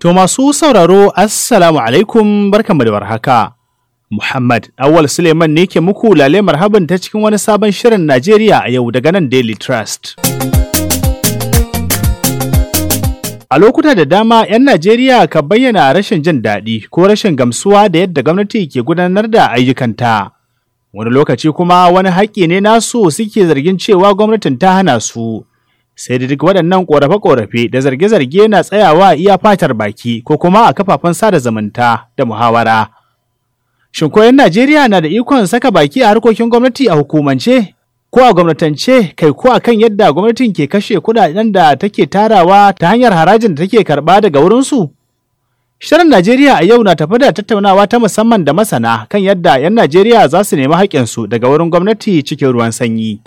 To masu sauraro Assalamu alaikum barkanmu da warhaka. Muhammad Awal Suleiman ne ke muku lale marhaban ta cikin wani sabon shirin Najeriya a yau daga nan Daily Trust. A lokuta da dama 'yan Najeriya ka bayyana rashin jin daɗi ko rashin gamsuwa da yadda gwamnati ke gudanar da ayyukanta. Wani lokaci kuma wani haƙƙi ne nasu suke zargin cewa gwamnatin ta hana su. sai da duk waɗannan ƙorafe-ƙorafe da zarge-zarge na tsayawa iya fatar baki ko kuma a kafafen sada zumunta da muhawara. Shin koyon Najeriya na da ikon saka baki a harkokin gwamnati a hukumance ko a gwamnatance kai ko a kan yadda gwamnatin ke kashe kuɗaɗen da take tarawa ta hanyar harajin da take karɓa daga wurinsu? Shirin Najeriya a yau na tafi da tattaunawa ta musamman da masana kan yadda 'yan Najeriya za su nemi haƙƙinsu daga wurin gwamnati cikin ruwan sanyi.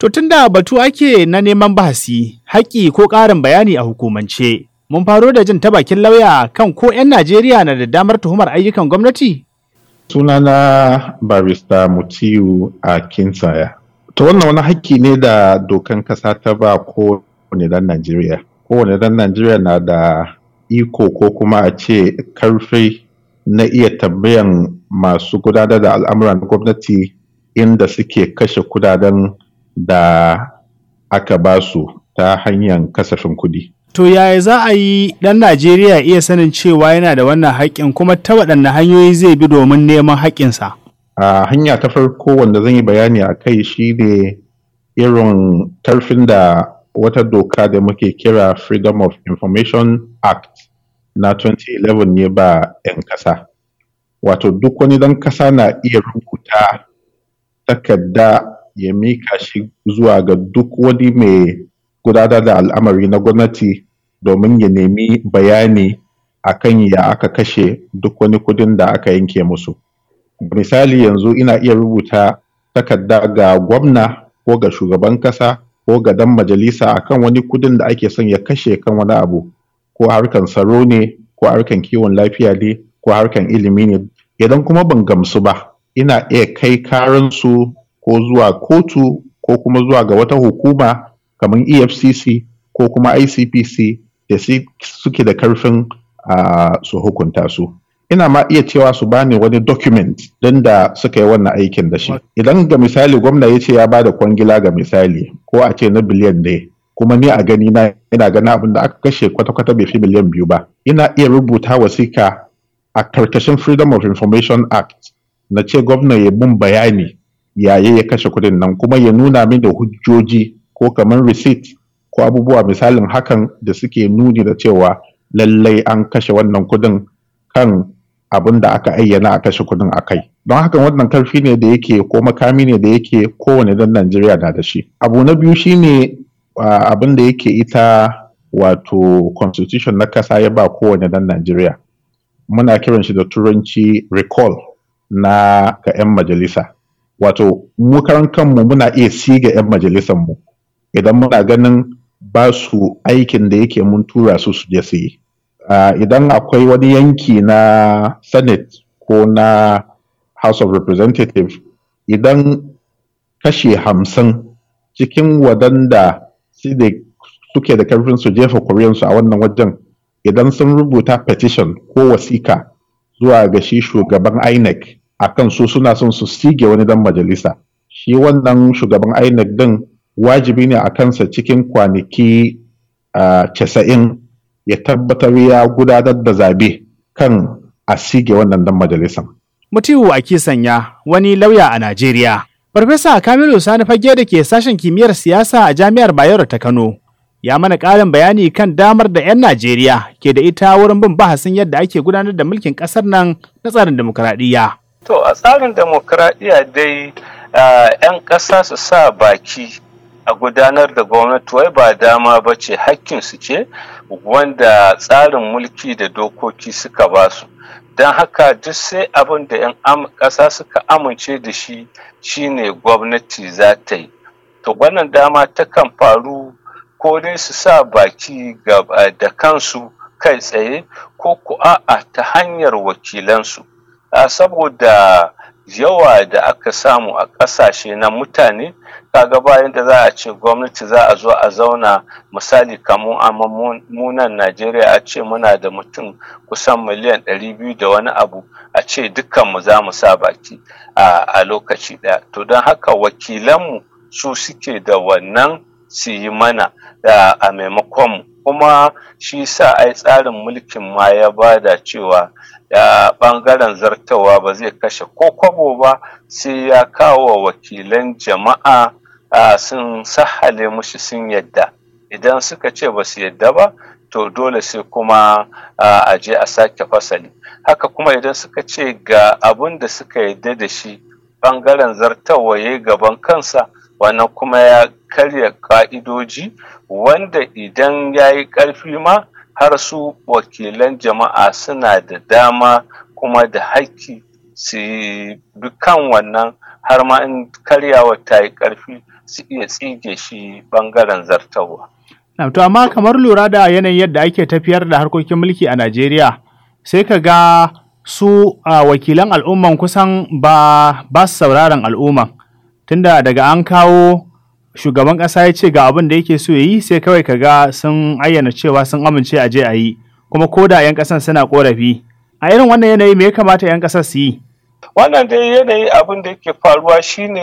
To tun da batu ake na neman bahasi, haƙi ko ƙarin bayani a hukumance, mun faro da jin ta lauya kan ko 'yan Najeriya na da damar tuhumar ayyukan gwamnati? Sunana barista Mutiyu a Kinsaya. Ta wannan wani haƙƙi ne da dokan ƙasa ta ba kowane ɗan Najeriya. Kowane ɗan Najeriya na da iko ko kuma a ce karfi na iya tambayan masu gudanar da al'amuran gwamnati inda suke kashe kudaden da aka ba su ta hanyar kasafin kuɗi. To yaya za a yi ɗan Najeriya iya sanin cewa yana da wannan haƙƙin kuma ta waɗanne hanyoyi zai bi domin neman haƙƙinsa? A hanya ta farko wanda zan yi bayani a kai shi ne irin tarfin da wata doka da muke kira Freedom of Information Act na 2011 ne ba 'yan ƙasa. Wato duk wani ɗan ƙasa na iya rubuta takarda ya mika shi zuwa ga duk wani mai gudanar da al'amari na gwamnati domin ya nemi bayani akan ya aka kashe duk wani kudin da aka yanke musu. Misali yanzu ina iya rubuta takarda ga gwamna ko ga shugaban kasa ko ga dan majalisa akan wani kudin da ake son ya kashe kan wani abu ko harkan tsaro ne ko harkan kiwon lafiya ne ko harkan ilimi ne idan kuma ban gamsu ba ina iya kai karansu ko zuwa kotu ko kuma zuwa ga wata hukuma kamar efcc ko kuma icpc da suke da karfin su hukunta su ina ma iya cewa su bani wani document don da suka yi wannan aikin da shi idan ga misali gwamna ya ce ya ba da kwangila ga misali ko a ce na biliyan ne kuma ni a gani na ina gana abin da aka kashe kwata-kwata bai fi miliyan biyu ba ina iya rubuta wasika a karkashin freedom of information act na ce gwamna ya bin bayani yaye ya kashe kudin nan kuma ya nuna min da hujjoji ko kamar receipt ko abubuwa misalin hakan da suke nuni da cewa lallai an kashe wannan kudin kan abin da aka ayyana a kashe kudin a kai don hakan wannan karfi ne da yake ko makami ne da yake kowane dan najeriya na da shi abu na biyu shine abin da yake ita wato constitution na kasa ya ba kowane dan najeriya muna kiran shi da turanci recall na ga 'yan majalisa wato mu karan kanmu muna iya siga 'yan majalisar mu idan muna ganin ba su aikin da yake mun tura su su je su yi idan akwai wani yanki na senate ko na house of representatives, idan kashe hamsin cikin wadanda suke da karfin su jefa su a wannan wajen idan sun rubuta petition ko wasika zuwa ga shi shugaban inec akan su suna son su sige wani dan majalisa shi wannan shugaban INEC din wajibi ne a kansa cikin kwanaki casa'in ya tabbatar ya gudanar da zabe kan a sige wannan dan majalisa. Mutiwu a sanya wani lauya a Najeriya. Farfesa Kamilu Sani Fage da ke sashen kimiyyar siyasa a Jami'ar Bayero ta Kano ya mana ƙarin bayani kan damar da 'yan Najeriya ke da ita wurin bin bahasin yadda ake gudanar da mulkin ƙasar nan na tsarin demokuraɗiyya. To a tsarin demokradiyya dai 'yan ƙasa su sa baki a gudanar da gwamnati wai ba dama ba ce su ce wanda tsarin mulki da dokoki suka ba su. Don haka duk sai abin da 'yan ƙasa suka amince da shi shi ne gwamnati za ta yi. To wannan dama ta kan faru ko dai su sa baki da kansu kai tsaye ko ku a ta hanyar wakilansu. Ah, saboda yawa da aka samu a ƙasashe na mutane kaga bayan da za a ce gwamnati za a zo a zauna misali kamun a munan najeriya a ce muna da mutum kusan miliyan 200 da wani abu a ce dukkanmu za mu sa baki a lokaci ɗaya to don haka wakilanmu su suke da wannan su yi mana a maimakonmu kuma shi sa a tsarin mulkin ma ya ba da cewa ya ɓangaren zartawa ba zai kashe ko kwabo ba sai ya kawo wakilan jama'a sun sahale mushi sun yadda idan suka ce ba su yadda ba to dole sai kuma a je a sake fasali haka kuma idan suka ce ga abin da suka yadda da shi ɓangaren zartawa ya yi gaban kansa wannan kuma ya karya ka'idoji wanda idan ya yi ƙarfi ma har su wakilan jama'a suna da dama kuma da haƙƙi su kan wannan har ma in karyawa ta yi ƙarfi su iya tsige shi bangaren zartawa. to amma kamar lura da yanayin yadda ake tafiyar da harkokin mulki a Najeriya sai ka ga su wakilan al'umman kusan ba ba su sauraron al'umman tunda daga an kawo shugaban ƙasa ya ce ga abin da yake so ya yi sai kawai ka ga sun ayyana cewa sun amince a je a yi kuma ko da 'yan ƙasan suna korafi a irin wannan yanayi me ya kamata 'yan ƙasar su yi wannan dai yanayi abin da yake faruwa shine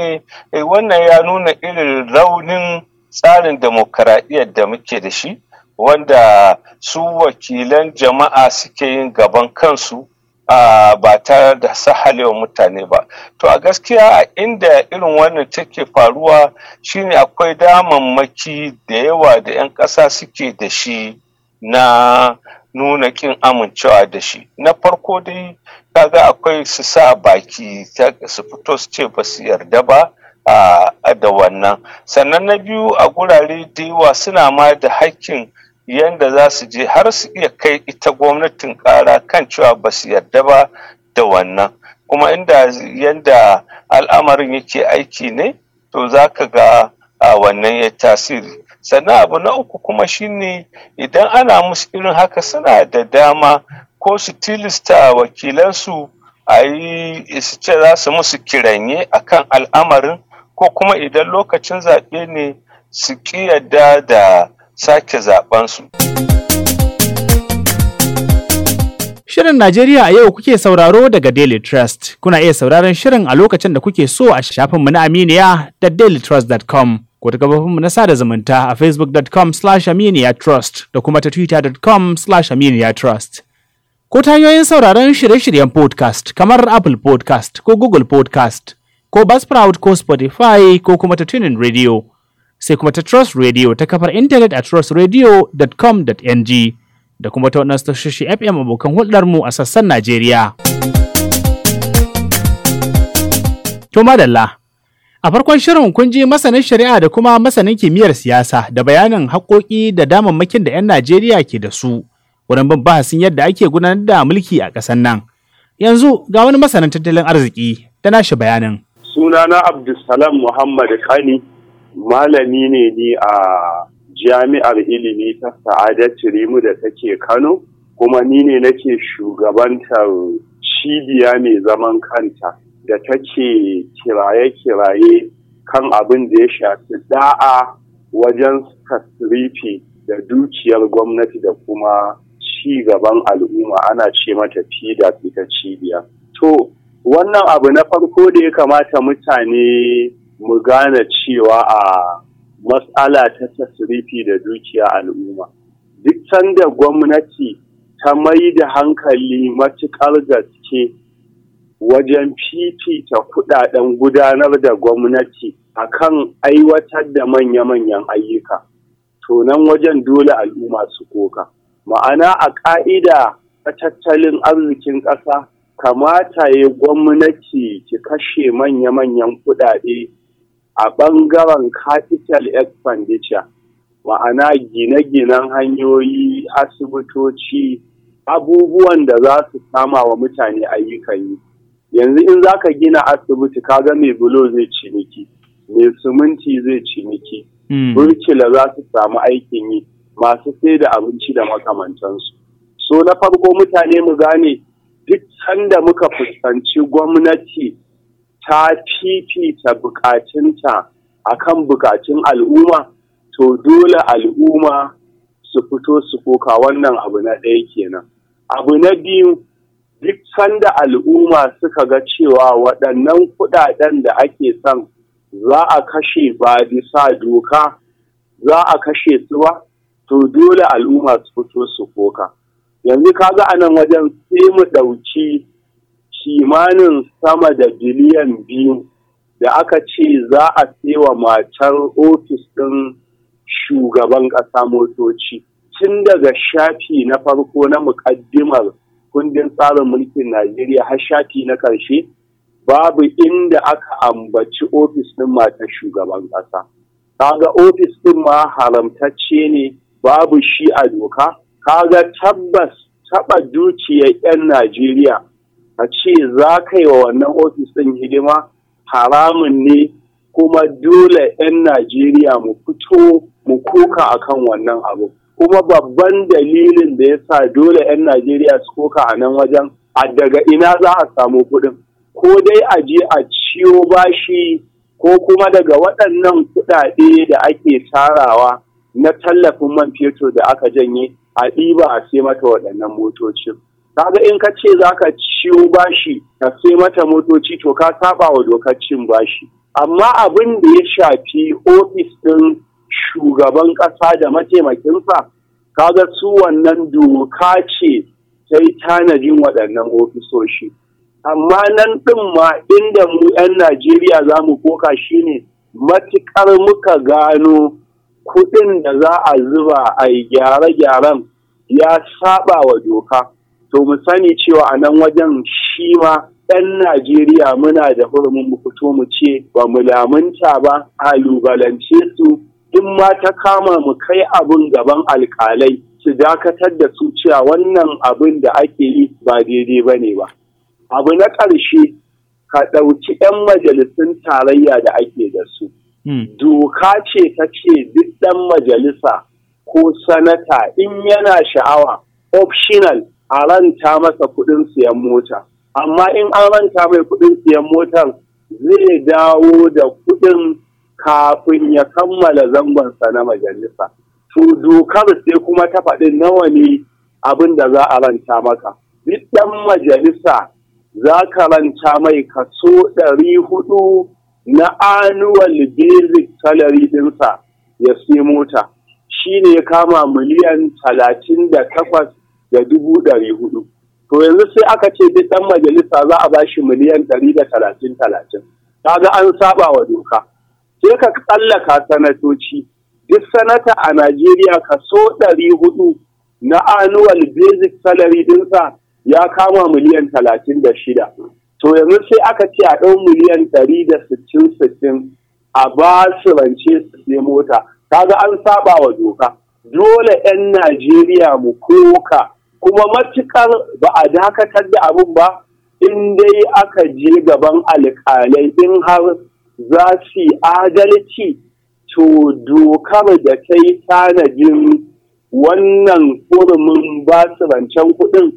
eh, wannan ya nuna irin raunin tsarin demokaradiyyar da muke da shi wanda su wakilan jama'a suke yin gaban kansu ba tare da sahalewa mutane ba to a gaskiya inda irin wannan take faruwa shine akwai damammaki da yawa da 'yan ƙasa suke da shi na nuna kin amincewa da shi na farko dai kaga akwai su sa baki su fito su ce ba su yarda ba da wannan sannan na biyu a gurare da yawa suna ma da hakkin Yanda za su je har su iya kai ita gwamnatin kara kan cewa ba su yarda ba da wannan kuma inda yanda al'amarin yake aiki ne to za ka ga wannan ya tasiri sannan abu na uku kuma shine idan ana musu irin haka suna da dama ko su tilista wakilansu a yi su ce za su musu kiranye kan al'amarin ko kuma idan lokacin zaɓe ne su ƙi yadda da sake zaɓensu. Shirin Najeriya a yau kuke sauraro daga Daily Trust. Kuna iya sauraron shirin a lokacin da kuke so a shafinmu na Aminiya da dailytrust.com. Ko ta gabafinmu na sada zumunta a facebook.com slash aminiyatrust da kuma ta twitter.com slash aminiyatrust. Ko ta hanyoyin sauraron shirye-shiryen podcast kamar Apple podcast ko Google podcast ko Buzzsprout ko Spotify ko kuma ta tunin radio. sai kuma ta Trust Radio ta kafar intanet a trustradio.com.ng da kuma ta waɗansu tashoshi FM abokan mu a sassan Najeriya. To madalla, a farkon shirin kun ji masanin shari'a da kuma masanin kimiyyar siyasa da bayanin haƙoƙi da damammakin da 'yan Najeriya ke da su wurin bin bahasin yadda ake gudanar da mulki a ƙasar nan. Yanzu ga wani masanin tattalin arziki da nashi bayanin. Sunana Abdulsalam Muhammad Kani malami ne ni a jami'ar ilimi ta Sa'ada Turimu da take kano kuma ni ne nake shugabantar cibiya mai zaman kanta da take kiraye-kiraye kan abin da ya shafi da'a wajen tasrifi da dukiyar gwamnati da kuma ci gaban al'umma ana ce mata fida ta cibiya. To, wannan abu na farko da ya kamata mutane mu gane cewa a matsala ta tasirifi da dukiya al'umma duk sanda gwamnati ta mai da hankali matuƙar gaske wajen fifita kuɗaɗen gudanar da gwamnati a kan aiwatar da manya-manyan ayyuka tonan wajen dole al'umma su koka ma'ana a ƙa'ida a tattalin arzikin ƙasa kamata ya gwamnati ki kashe manya-manyan kuɗaɗe. a ɓangaren capital expenditure ma'ana gine-ginen hanyoyi asibitoci abubuwan da za su sama wa mutane ayyukan yi yanzu in za ka gina asibiti kaga mai bulo zai ciniki mai siminti zai ciniki hmm. burkila za su samu aikin yi masu sai da abinci da makamantansu so na farko mutane mu gane duk sanda muka fuskanci gwamnati ta fifita bukatunta akan bukatun al'umma to dole al'umma su fito su koka wannan abu na ɗaya kenan abu na biyu duk sanda al'umma suka ga cewa waɗannan kuɗaɗen da ake son za a kashe ba bisa doka za a kashe su ba to dole al'umma su fito su koka yanzu kaga a nan wajen sai mu ɗauki kimanin sama da biliyan biyu da aka ce za a wa matar ofis ɗin shugaban ƙasa motoci tun daga shafi na farko na muƙaddimar kundin tsarin mulkin najeriya har shafi na ƙarshe babu inda aka ambaci ofis ɗin matar shugaban ƙasa kaga ofis ɗin ma haramtacce ne babu shi a doka kaga tabbas taɓa dukiyar 'yan najeriya a ce za ka yi wa wannan ofis ɗin hidima haramun ne kuma dole 'yan Najeriya mu fito mu koka kan wannan abu. Kuma babban dalilin da ya sa dole 'yan Najeriya su koka a nan wajen a daga ina za a samu kuɗin. Ko dai a je a ciyo bashi ko kuma daga waɗannan kuɗaɗe da ake tarawa na tallafin man fetur da aka janye a ɗiba a sai mata waɗannan motocin. kaga in ka ce za ka ciwo bashi ka sai mata motoci to ka saba wa dokar cin bashi amma abin da ya shafi ofis ɗin shugaban ƙasa da mataimakinsa kaga su wannan doka ce ta yi tanadin waɗannan ofisoshi amma nan ɗin ma inda mu 'yan najeriya za mu koka shine matuƙar muka gano kuɗin da za a zuba a gyare-gyaren ya saba wa doka to mu sani cewa a nan wajen shi ma ɗan Najeriya muna da hurumin mu fito mu ce ba mu lamunta ba kalubalance su in ma ta kama mu kai abun gaban alkalai su dakatar da su cewa wannan abin da ake yi ba daidai ba ne ba. Abu na ƙarshe ka ɗauki 'yan majalisun tarayya da ake da su. Hmm. Doka ce ta ce duk ɗan majalisa ko sanata in yana sha'awa optional a ranta masa kuɗin siyan mota amma in an ranta mai kuɗin siyan motan zai dawo da kuɗin kafin ya kammala zangonsa na majalisa to dokar sai kuma ta faɗi nawa ne abin da za a ranta maka duk majalisa za ka ranta mai kaso ɗari hudu na annual basic salary ɗinsa ya sai mota shi ne ya kama miliyan talatin da takwas da dubu ɗari hudu. To yanzu sai aka ce duk ɗan majalisa za a bashi miliyan ɗari da talatin talatin. Kaga an saba wa doka. Sai ka tsallaka sanatoci. Duk sanata a Najeriya kaso ɗari hudu na annual basic salary ɗinsa ya kama miliyan talatin da shida. To yanzu sai aka ce a ɗan miliyan ɗari da sittin sittin a ba su rance su sai mota. Kaga an saba wa doka. Dole 'yan Najeriya mu koka kuma matukar ba a dakatar da abin ba in dai aka je gaban alƙalai in har za su adalci to dokar da ta yi tanadin wannan kurumin ba su rancen kuɗin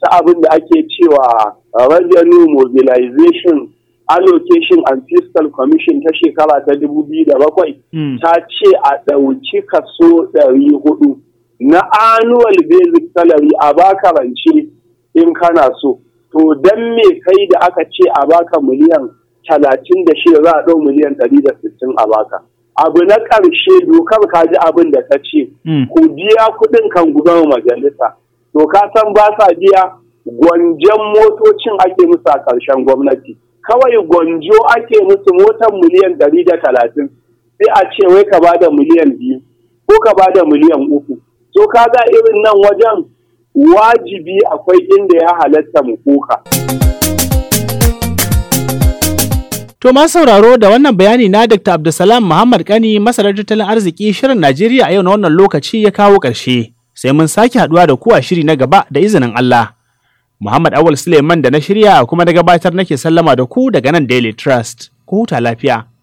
ta abin da ake cewa revenue mobilization allocation and fiscal commission ta shekara ta 2007 hmm. ta ce a ɗauki kaso 400 na annual basic salary a baka rance in kana so to dan me kai da aka ce a baka miliyan talatin da shida za a ɗau miliyan ɗari da sittin a baka abu na ƙarshe dokar ka ji abin da ta ce hmm. ku biya kuɗin kan gudanar majalisa to ka san ba sa biya gwanjan motocin ake musu a ƙarshen gwamnati kawai gwanjo ake musu motar miliyan ɗari da talatin sai a ce wai ka bada miliyan biyu ko ka bada miliyan uku Ka kaga irin nan wajen wajibi akwai inda ya halatta mu kuka. To ma sauraro da wannan bayani na Dr. Abdulsalam Muhammad Kani masarar tattalin arziki shirin Najeriya a yau na wannan lokaci ya kawo ƙarshe. Sai mun sake haɗuwa da kuwa shiri na gaba da izinin Allah. Muhammad Awul Suleiman da na shirya kuma na gabatar nake sallama da ku daga nan Daily Trust. Ku huta lafiya.